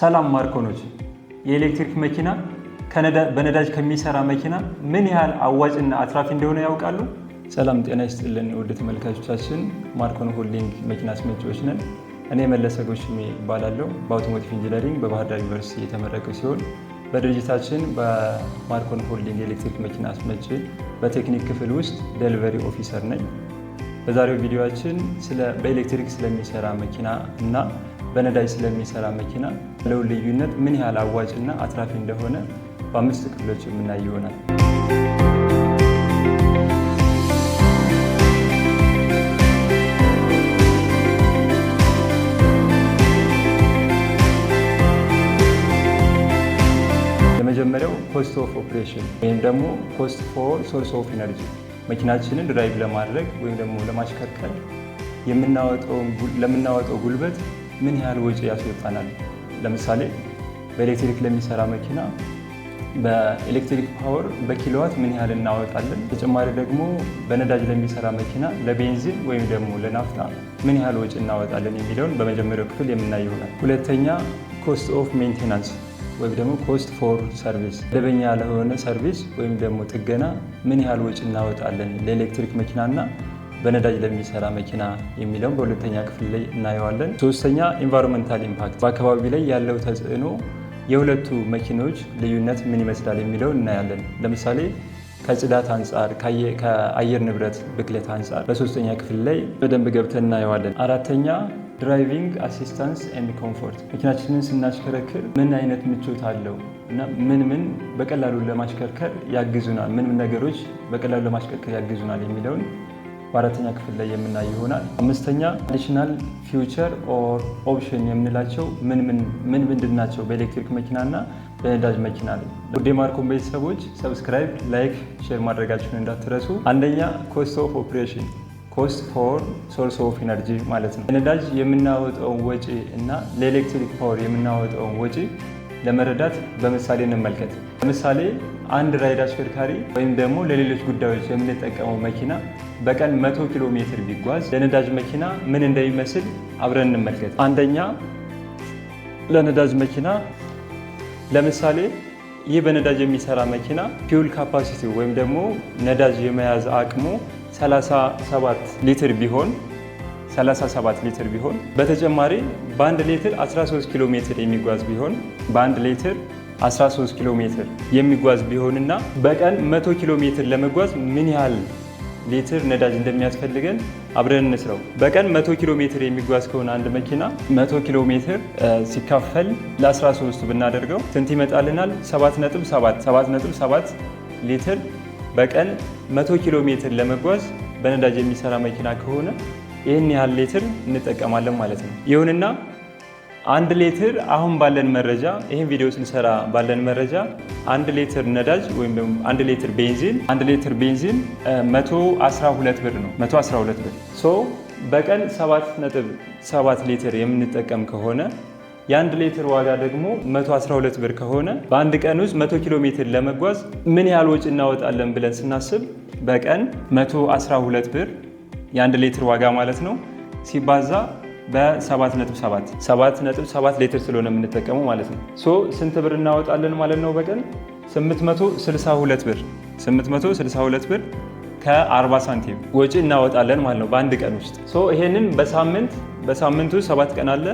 ሰላም ማርኮኖች፣ የኤሌክትሪክ መኪና በነዳጅ ከሚሰራ መኪና ምን ያህል አዋጭና አትራፊ እንደሆነ ያውቃሉ? ሰላም ጤና ይስጥልን ውድ ተመልካቾቻችን፣ ማርኮን ሆልዲንግ መኪና አስመጪዎች ነን። እኔ መለሰ ጎሽሜ እባላለሁ። በአውቶሞቲቭ ኢንጂነሪንግ በባህር ዳር ዩኒቨርሲቲ የተመረቀ ሲሆን በድርጅታችን በማርኮን ሆልዲንግ የኤሌክትሪክ መኪና አስመጪ በቴክኒክ ክፍል ውስጥ ደሊቨሪ ኦፊሰር ነኝ። በዛሬው ቪዲዮችን በኤሌክትሪክ ስለሚሰራ መኪና እና በነዳጅ ስለሚሰራ መኪና ያለው ልዩነት ምን ያህል አዋጭና አትራፊ እንደሆነ በአምስት ክፍሎች የምናይ ይሆናል። የመጀመሪያው ኮስት ኦፍ ኦፕሬሽን ወይም ደግሞ ኮስት ፎር ሶርስ ኦፍ ኢነርጂ መኪናችንን ድራይቭ ለማድረግ ወይም ደግሞ ለማሽከርከር ለምናወጣው ጉልበት ምን ያህል ወጪ ያስወጣናል። ለምሳሌ በኤሌክትሪክ ለሚሰራ መኪና በኤሌክትሪክ ፓወር በኪሎዋት ምን ያህል እናወጣለን። ተጨማሪ ደግሞ በነዳጅ ለሚሰራ መኪና ለቤንዚን ወይም ደግሞ ለናፍታ ምን ያህል ወጪ እናወጣለን የሚለውን በመጀመሪያው ክፍል የምናይ ይሆናል። ሁለተኛ ኮስት ኦፍ ሜንቴናንስ ወይም ደግሞ ኮስት ፎር ሰርቪስ፣ መደበኛ ለሆነ ሰርቪስ ወይም ደግሞ ጥገና ምን ያህል ወጪ እናወጣለን ለኤሌክትሪክ መኪናና በነዳጅ ለሚሰራ መኪና የሚለውን በሁለተኛ ክፍል ላይ እናየዋለን። ሶስተኛ ኢንቫይሮንመንታል ኢምፓክት በአካባቢ ላይ ያለው ተጽዕኖ የሁለቱ መኪኖች ልዩነት ምን ይመስላል የሚለው እናያለን። ለምሳሌ ከጽዳት አንጻር፣ ከአየር ንብረት ብክለት አንጻር በሶስተኛ ክፍል ላይ በደንብ ገብተን እናየዋለን። አራተኛ ድራይቪንግ አሲስታንስ ኤንድ ኮምፎርት መኪናችንን ስናሽከረክር ምን አይነት ምቾት አለው እና ምን ምን በቀላሉ ለማሽከርከር ያግዙናል፣ ምን ምን ነገሮች በቀላሉ ለማሽከርከር ያግዙናል የሚለውን በአራተኛ ክፍል ላይ የምናይ ይሆናል። አምስተኛ አዲሽናል ፊውቸር ኦር ኦፕሽን የምንላቸው ምን ምንድን ናቸው በኤሌክትሪክ መኪናና በነዳጅ መኪና ላይ። ቤተሰቦች ሰብስክራይብ፣ ላይክ፣ ሼር ማድረጋችሁን እንዳትረሱ። አንደኛ ኮስት ኦፍ ኦፕሬሽን ኮስት ፎር ሶርስ ኦፍ ኢነርጂ ማለት ነው። ለነዳጅ የምናወጣውን ወጪ እና ለኤሌክትሪክ ፓወር የምናወጣውን ወጪ ለመረዳት በምሳሌ እንመልከት። ለምሳሌ አንድ ራይድ አሽከርካሪ ወይም ደግሞ ለሌሎች ጉዳዮች የምንጠቀመው መኪና በቀን 100 ኪሎ ሜትር ቢጓዝ ለነዳጅ መኪና ምን እንደሚመስል አብረን እንመልከት። አንደኛ ለነዳጅ መኪና ለምሳሌ ይህ በነዳጅ የሚሰራ መኪና ፊውል ካፓሲቲው ወይም ደግሞ ነዳጅ የመያዝ አቅሙ 37 ሊትር ቢሆን 37 ሊትር ቢሆን በተጨማሪ በአንድ ሌትር 13 ኪሎ ሜትር የሚጓዝ ቢሆን በአንድ ሌትር 13 ኪሎ ሜትር የሚጓዝ ቢሆንና በቀን 100 ኪሎ ሜትር ለመጓዝ ምን ያህል ሊትር ነዳጅ እንደሚያስፈልገን አብረን እንስራው። በቀን 100 ኪሎ ሜትር የሚጓዝ ከሆነ አንድ መኪና 100 ኪሎ ሜትር ሲካፈል ለ13 ብናደርገው ስንት ይመጣልናል? 7.7 7.7 ሊትር በቀን 100 ኪሎ ሜትር ለመጓዝ በነዳጅ የሚሰራ መኪና ከሆነ ይህን ያህል ሌትር እንጠቀማለን ማለት ነው። ይሁንና አንድ ሌትር አሁን ባለን መረጃ ይህን ቪዲዮ ስንሰራ ባለን መረጃ አንድ ሌትር ነዳጅ ወይም ደግሞ አንድ ሌትር ቤንዚን አንድ ሌትር ቤንዚን 112 ብር ነው 112 ብር ሶ በቀን 7.7 ሊትር የምንጠቀም ከሆነ የአንድ ሌትር ዋጋ ደግሞ 112 ብር ከሆነ በአንድ ቀን ውስጥ 100 ኪሎ ሜትር ለመጓዝ ምን ያህል ወጪ እናወጣለን ብለን ስናስብ በቀን 112 ብር የአንድ ሌትር ዋጋ ማለት ነው ሲባዛ በ7.7 7.7 ሌትር ስለሆነ የምንጠቀመው ማለት ነው። ሶ ስንት ብር እናወጣለን ማለት ነው በቀን 862 ብር 862 ብር ከ40 ሳንቲም ወጪ እናወጣለን ማለት ነው በአንድ ቀን ውስጥ። ሶ ይሄንን በሳምንት በሳምንቱ ሰባት ቀን አለ።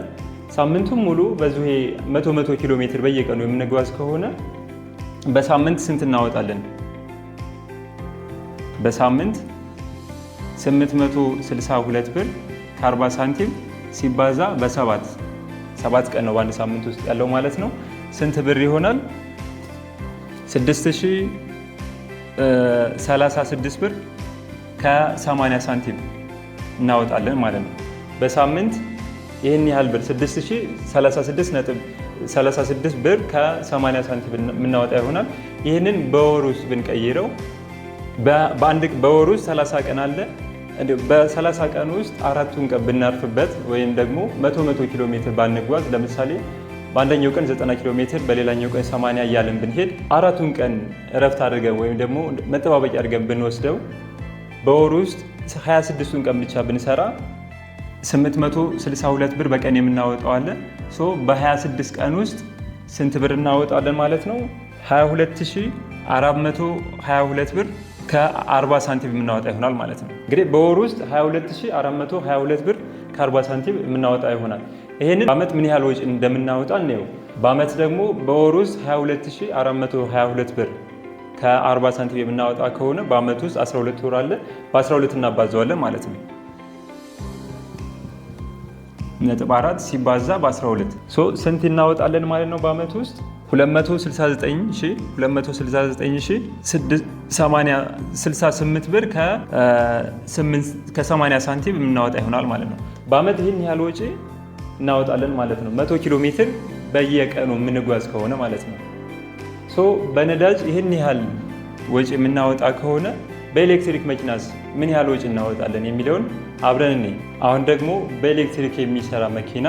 ሳምንቱም ሙሉ በዚሁ 100 100 ኪሎ ሜትር በየቀኑ የምንጓዝ ከሆነ በሳምንት ስንት እናወጣለን? በሳምንት 862 ብር ከ40 ሳንቲም ሲባዛ በ7 ሰባት ቀን ነው በአንድ ሳምንት ውስጥ ያለው ማለት ነው። ስንት ብር ይሆናል? 6036 ብር ከ80 ሳንቲም እናወጣለን ማለት ነው። በሳምንት ይህን ያህል ብር 6036 ብር ከ80 ሳንቲም የምናወጣ ይሆናል። ይህንን በወር ውስጥ ብንቀይረው በወር ውስጥ 30 ቀን አለ በሰላሳ በ30 ቀን ውስጥ አራቱን ቀን ብናርፍበት ወይም ደግሞ መቶ መቶ ኪሎ ሜትር ባንጓዝ ለምሳሌ በአንደኛው ቀን 90 ኪሎ ሜትር በሌላኛው ቀን 80 እያለን ብንሄድ አራቱን ቀን እረፍት አድርገን ወይም ደግሞ መጠባበቂያ አድርገን ብንወስደው በወር ውስጥ 26ቱን ቀን ብቻ ብንሰራ 862 ብር በቀን የምናወጣዋለን። ሶ በ26 ቀን ውስጥ ስንት ብር እናወጣለን ማለት ነው? 22422 ብር ከ40 ሳንቲም የምናወጣ ይሆናል ማለት ነው። እንግዲህ በወር ውስጥ 22422 ብር ከ40 ሳንቲም የምናወጣ ይሆናል። ይህንን በዓመት ምን ያህል ወጪ እንደምናወጣ እንየው። በዓመት ደግሞ በወር ውስጥ 22422 ብር ከ40 ሳንቲም የምናወጣ ከሆነ በዓመት ውስጥ 12 ወር አለ። በ12 እናባዘዋለን ማለት ነው። ነጥብ ሲባዛ በ12 ስንት እናወጣለን ማለት ነው? በአመት ውስጥ 269,269,68 ብር ከ80 ሳንቲም የምናወጣ ይሆናል ማለት ነው። በአመት ይህን ያህል ወጪ እናወጣለን ማለት ነው። 100 ኪሎ ሜትር በየቀኑ የምንጓዝ ከሆነ ማለት ነው። በነዳጅ ይህን ያህል ወጪ የምናወጣ ከሆነ በኤሌክትሪክ መኪናስ ምን ያህል ወጪ እናወጣለን የሚለውን አብረን እኔ አሁን ደግሞ በኤሌክትሪክ የሚሰራ መኪና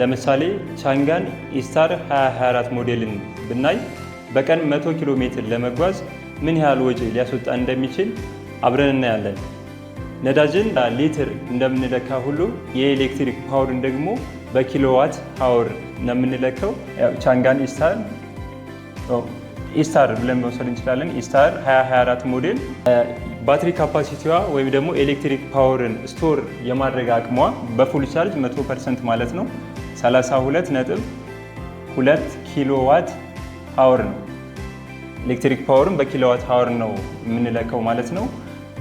ለምሳሌ ቻንጋን ኢስታር 224 ሞዴልን ብናይ በቀን 100 ኪሎ ሜትር ለመጓዝ ምን ያህል ወጪ ሊያስወጣ እንደሚችል አብረን እናያለን። ነዳጅን ሊትር እንደምንለካ ሁሉ የኤሌክትሪክ ፓወርን ደግሞ በኪሎዋት ፓወር ነው ቻንጋን ኢስታር ኢስታር ብለን መውሰድ እንችላለን። ኢስታር 224 ሞዴል ባትሪ ካፓሲቲዋ ወይም ደግሞ ኤሌክትሪክ ፓወርን ስቶር የማድረግ አቅሟ በፉል ቻርጅ 100 ፐርሰንት ማለት ነው 32 ነጥብ 2 ኪሎዋት ፓወር ነው። ኤሌክትሪክ ፓወርን በኪሎዋት ፓወር ነው የምንለካው ማለት ነው።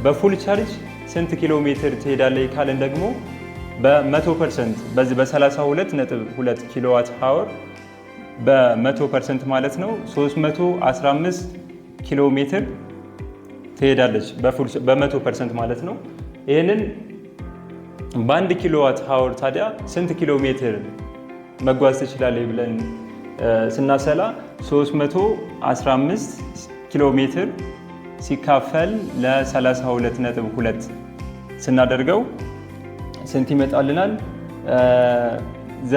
በፉል ቻርጅ ስንት ኪሎ ሜትር ትሄዳለህ ካልን ደግሞ በ100 ፐርሰንት በዚህ በ32 ነጥብ 2 ኪሎዋት ፓወር በ100 ፐርሰንት ማለት ነው 315 ኪሎ ሜትር ትሄዳለች በመቶ ፐርሰንት ማለት ነው። ይህንን በአንድ ኪሎዋት ሀወር ታዲያ ስንት ኪሎ ሜትር መጓዝ ትችላለች ብለን ስናሰላ 315 ኪሎ ሜትር ሲካፈል ለ32.2 ስናደርገው ስንት ይመጣልናል?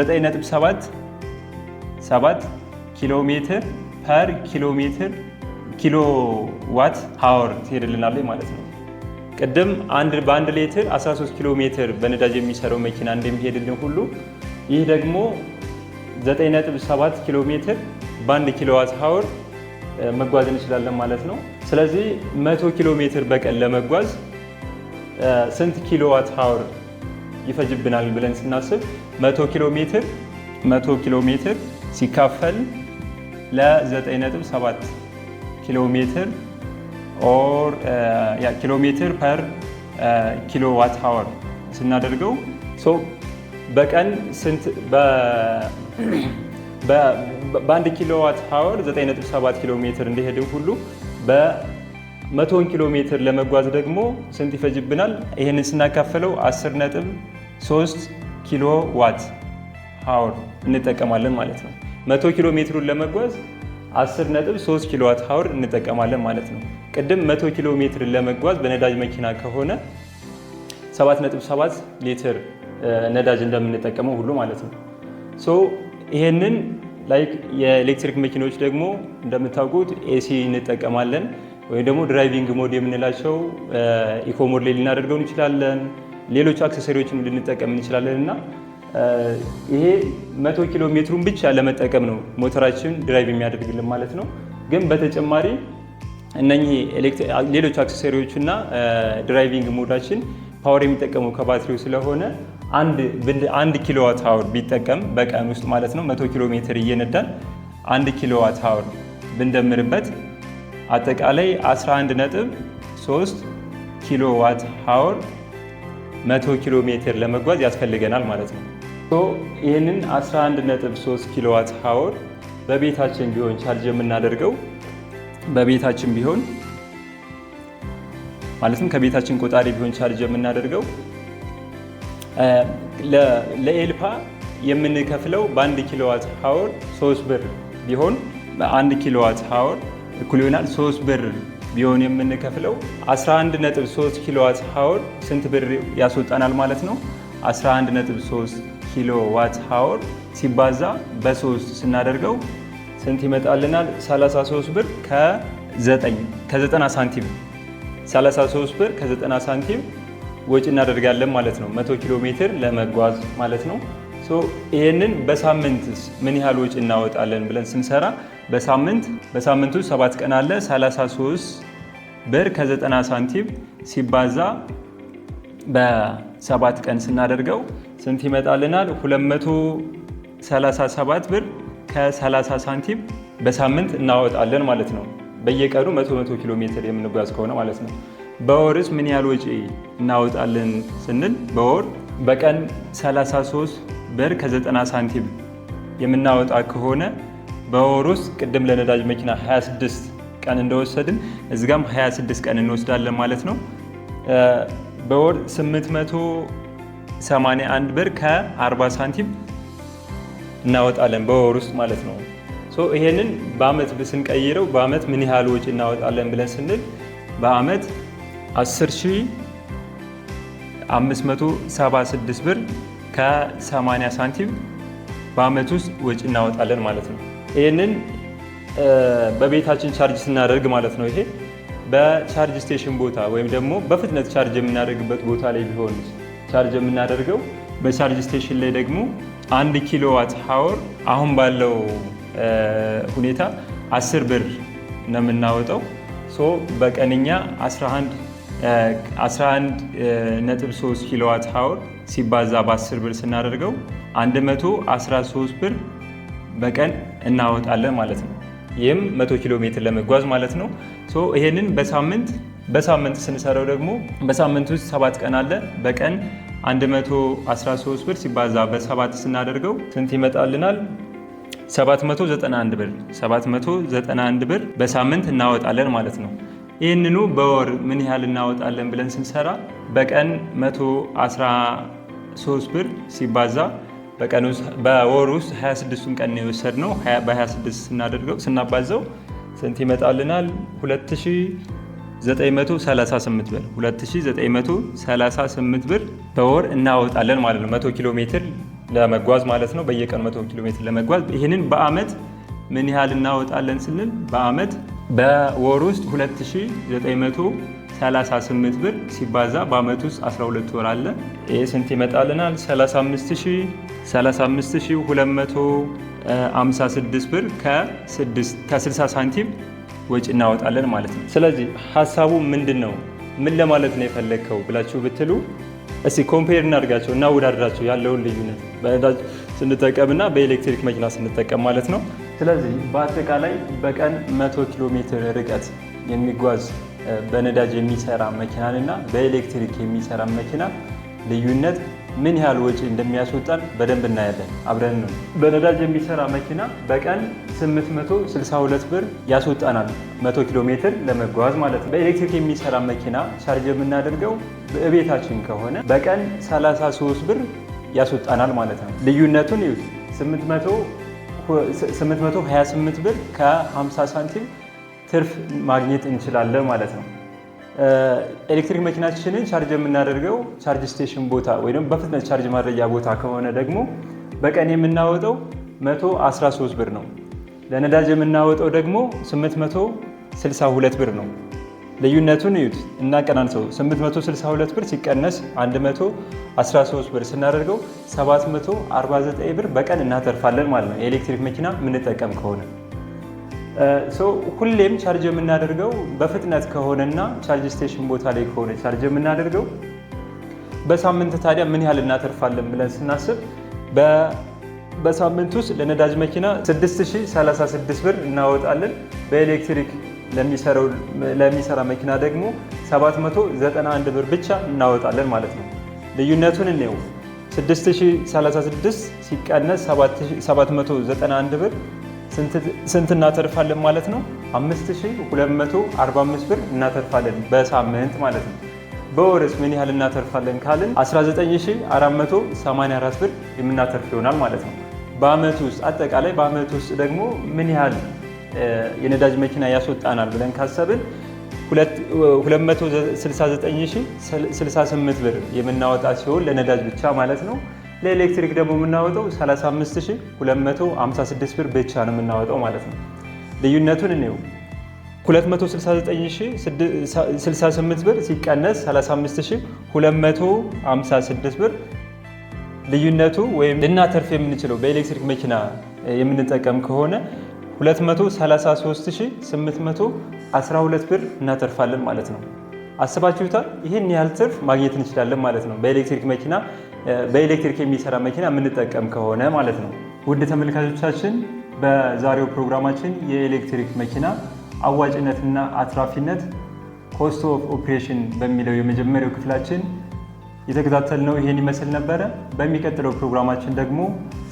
9.77 ኪሎ ሜትር ፐር ኪሎ ሜትር ኪሎ ዋት ሀወር ትሄድልናለች ማለት ነው። ቅድም በአንድ ሌትር 13 ኪሎ ሜትር በነዳጅ የሚሰራው መኪና እንደሚሄድልን ሁሉ ይህ ደግሞ 9.7 ኪሎ ሜትር በአንድ ኪሎዋት ሀወር መጓዝ እንችላለን ማለት ነው። ስለዚህ 100 ኪሎ ሜትር በቀን ለመጓዝ ስንት ኪሎዋት ሀወር ይፈጅብናል ብለን ስናስብ 100 ኪሎ ሜትር 100 ኪሎ ሜትር ሲካፈል ለ9.7 ኪሎ ሜትር ኦር ኪሎ ሜትር ፐር ኪሎ ዋት ሀወር ስናደርገው በቀን ስንት በአንድ ኪሎ ዋት ሀወር 9.7 ኪሎ ሜትር እንደሄድን ሁሉ በ በመቶን ኪሎ ሜትር ለመጓዝ ደግሞ ስንት ይፈጅብናል? ይህንን ስናካፍለው 10.3 ኪሎ ዋት ሃወር እንጠቀማለን ማለት ነው። መቶ ኪሎ ሜትሩን ለመጓዝ 10.3 ኪሎ ዋት ሀወር እንጠቀማለን ማለት ነው። ቅድም 100 ኪሎ ሜትር ለመጓዝ በነዳጅ መኪና ከሆነ 7.7 ሊትር ነዳጅ እንደምንጠቀመው ሁሉ ማለት ነው። ሶ ይሄንን ላይክ የኤሌክትሪክ መኪኖች ደግሞ እንደምታውቁት ኤሲ እንጠቀማለን ወይም ደግሞ ድራይቪንግ ሞድ የምንላቸው ኢኮ ሞድ ላይ ልናደርገው እንችላለን። ሌሎች አክሰሰሪዎችን ልንጠቀም እንችላለን እና ይሄ መቶ ኪሎ ሜትሩን ብቻ ለመጠቀም ነው ሞተራችን ድራይቭ የሚያደርግልን ማለት ነው። ግን በተጨማሪ እነኚህ ሌሎች አክሰሰሪዎችና ድራይቪንግ ሞዳችን ፓወር የሚጠቀሙ ከባትሪው ስለሆነ አንድ ኪሎዋት ሀወር ቢጠቀም በቀን ውስጥ ማለት ነው 100 ኪሎ ሜትር እየነዳን አንድ ኪሎዋት ሀወር ብንደምርበት አጠቃላይ 11 ነጥብ 3 ኪሎዋት ሀወር መቶ ኪሎ ሜትር ለመጓዝ ያስፈልገናል ማለት ነው። ይህንን 11 ነጥብ 3 ኪሎዋት ሀወር በቤታችን ቢሆን ቻርጅ የምናደርገው በቤታችን ቢሆን ማለትም ከቤታችን ቆጣሪ ቢሆን ቻርጅ የምናደርገው ለኤልፓ የምንከፍለው በአንድ ኪሎዋት ሀወር ሶስት ብር ቢሆን አንድ ኪሎዋት ሀወር እኩል ይሆናል ሶስት ብር ቢሆን የምንከፍለው 11.3 ኪሎዋት ሀወር ስንት ብር ያስወጣናል ማለት ነው። 11.3 ኪሎዋት ሀወር ሲባዛ በሶስት ስናደርገው ስንት ይመጣልናል? 33 ብር ከ9 ከ90 ሳንቲም 33 ብር ከ90 ሳንቲም ወጪ እናደርጋለን ማለት ነው። 100 ኪሎ ሜትር ለመጓዝ ማለት ነው። ይህንን በሳምንትስ ምን ያህል ወጪ እናወጣለን ብለን ስንሰራ በሳምንት በሳምንቱ ሰባት ቀን አለ 33 ብር ከ90 ሳንቲም ሲባዛ በሰባት ቀን ስናደርገው ስንት ይመጣልናል? 237 ብር እስከ 30 ሳንቲም በሳምንት እናወጣለን ማለት ነው። በየቀኑ 100 100 ኪሎ ሜትር የምንጓዝ ከሆነ ማለት ነው። በወርስ ምን ያህል ወጪ እናወጣለን ስንል በወር በቀን 33 ብር ከ90 ሳንቲም የምናወጣ ከሆነ በወር ውስጥ ቅድም ለነዳጅ መኪና 26 ቀን እንደወሰድን እዚጋም 26 ቀን እንወስዳለን ማለት ነው። በወር 881 ብር ከ40 ሳንቲም እናወጣለን በወር ውስጥ ማለት ነው። ይሄንን በአመት ስንቀይረው በአመት ምን ያህል ወጪ እናወጣለን ብለን ስንል በአመት 10576 ብር ከ80 ሳንቲም በአመት ውስጥ ወጪ እናወጣለን ማለት ነው። ይህንን በቤታችን ቻርጅ ስናደርግ ማለት ነው ይሄ በቻርጅ ስቴሽን ቦታ ወይም ደግሞ በፍጥነት ቻርጅ የምናደርግበት ቦታ ላይ ቢሆን ቻርጅ የምናደርገው በቻርጅ ስቴሽን ላይ ደግሞ አንድ ኪሎዋት ሀወር አሁን ባለው ሁኔታ 10 ብር ነው የምናወጠው። ሶ በቀንኛ 11.3 ኪሎዋት ሀወር ሲባዛ በ10 ብር ስናደርገው 113 ብር በቀን እናወጣለን ማለት ነው። ይህም 100 ኪሎ ሜትር ለመጓዝ ማለት ነው። ሶ ይሄንን በሳምንት በሳምንት ስንሰራው ደግሞ በሳምንት ውስጥ ሰባት ቀን አለ በቀን 113 ብር ሲባዛ በሰባት ስናደርገው ስንት ይመጣልናል? 791 ብር 791 ብር በሳምንት እናወጣለን ማለት ነው። ይህንኑ በወር ምን ያህል እናወጣለን ብለን ስንሰራ በቀን 113 ብር ሲባዛ በወር ውስጥ 26ቱን ቀን የወሰድነው በ26 ስናደርገው ስናባዘው ስንት ይመጣልናል? 938 ብር 2938 ብር በወር እናወጣለን ማለት ነው። 100 ኪሎ ሜትር ለመጓዝ ማለት ነው። በየቀኑ 100 ኪሎ ሜትር ለመጓዝ ይህንን በአመት ምን ያህል እናወጣለን ስንል በአመት በወር ውስጥ 2938 ብር ሲባዛ በአመት ውስጥ 12 ወር አለ። ይህ ስንት ይመጣልናል? 35256 ብር ከ60 ሳንቲም ወጪ እናወጣለን ማለት ነው። ስለዚህ ሀሳቡ ምንድን ነው? ምን ለማለት ነው የፈለግከው ብላችሁ ብትሉ እስቲ ኮምፔር እናድርጋቸው እና ወዳድራቸው ያለውን ልዩነት በነዳጅ ስንጠቀም እና በኤሌክትሪክ መኪና ስንጠቀም ማለት ነው። ስለዚህ በአጠቃላይ በቀን 100 ኪሎ ሜትር ርቀት የሚጓዝ በነዳጅ የሚሰራ መኪናን እና በኤሌክትሪክ የሚሰራ መኪና ልዩነት ምን ያህል ወጪ እንደሚያስወጣን በደንብ እናያለን። አብረን ነው። በነዳጅ የሚሰራ መኪና በቀን 862 ብር ያስወጣናል 100 ኪሎ ሜትር ለመጓዝ ማለት ነው። በኤሌክትሪክ የሚሰራ መኪና ቻርጅ የምናደርገው በቤታችን ከሆነ በቀን 33 ብር ያስወጣናል ማለት ነው። ልዩነቱን 828 ብር ከ50 ሳንቲም ትርፍ ማግኘት እንችላለን ማለት ነው። ኤሌክትሪክ መኪናችንን ቻርጅ የምናደርገው ቻርጅ ስቴሽን ቦታ ወይም በፍጥነት ቻርጅ ማድረጊያ ቦታ ከሆነ ደግሞ በቀን የምናወጠው 113 ብር ነው። ለነዳጅ የምናወጠው ደግሞ 862 ብር ነው። ልዩነቱን እዩት እና ቀናንሰው 862 ብር ሲቀነስ 113 ብር ስናደርገው 749 ብር በቀን እናተርፋለን ማለት ነው። የኤሌክትሪክ መኪና የምንጠቀም ከሆነ ሁሌም ቻርጅ የምናደርገው በፍጥነት ከሆነና ቻርጅ ስቴሽን ቦታ ላይ ከሆነ ቻርጅ የምናደርገው በሳምንት ታዲያ ምን ያህል እናተርፋለን ብለን ስናስብ በሳምንት ውስጥ ለነዳጅ መኪና 6036 ብር እናወጣለን። በኤሌክትሪክ ለሚሰራ መኪና ደግሞ 791 ብር ብቻ እናወጣለን ማለት ነው። ልዩነቱን እኔው 6036 ሲቀነስ 791 ብር ስንት እናተርፋለን ማለት ነው? 5245 ብር እናተርፋለን በሳምንት ማለት ነው። በወርስ ምን ያህል እናተርፋለን ካልን 19484 ብር የምናተርፍ ይሆናል ማለት ነው። በአመት ውስጥ አጠቃላይ በአመት ውስጥ ደግሞ ምን ያህል የነዳጅ መኪና ያስወጣናል ብለን ካሰብን 269068 ብር የምናወጣ ሲሆን ለነዳጅ ብቻ ማለት ነው። ለኤሌክትሪክ ደግሞ የምናወጣው 35256 ብር ብቻ ነው የምናወጣው ማለት ነው። ልዩነቱን እኔው 2698 ብር ሲቀነስ 35256 ብር ልዩነቱ ወይም ልናተርፍ የምንችለው በኤሌክትሪክ መኪና የምንጠቀም ከሆነ 233812 ብር እናተርፋለን ማለት ነው። አስባችሁታል? ይህን ያህል ትርፍ ማግኘት እንችላለን ማለት ነው በኤሌክትሪክ መኪና በኤሌክትሪክ የሚሰራ መኪና የምንጠቀም ከሆነ ማለት ነው። ውድ ተመልካቾቻችን በዛሬው ፕሮግራማችን የኤሌክትሪክ መኪና አዋጭነትና አትራፊነት ኮስት ኦፍ ኦፕሬሽን በሚለው የመጀመሪያው ክፍላችን የተከታተልነው ይሄን ይመስል ነበረ። በሚቀጥለው ፕሮግራማችን ደግሞ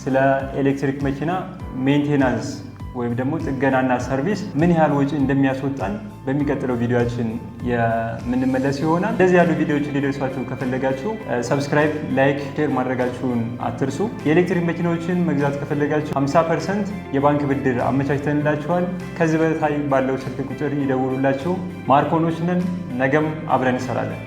ስለ ኤሌክትሪክ መኪና ሜንቴናንስ ወይም ደግሞ ጥገናና ሰርቪስ ምን ያህል ወጪ እንደሚያስወጣን በሚቀጥለው ቪዲዮችን የምንመለስ ይሆናል። እንደዚህ ያሉ ቪዲዮዎች ሊደርሷችሁ ከፈለጋችሁ ሰብስክራይብ፣ ላይክ፣ ሼር ማድረጋችሁን አትርሱ። የኤሌክትሪክ መኪናዎችን መግዛት ከፈለጋችሁ 50 ፐርሰንት የባንክ ብድር አመቻችተንላችኋል። ከዚህ በታይ ባለው ስልክ ቁጥር ይደውሉላችሁ። ማርኮኖች ነን። ነገም አብረን እንሰራለን።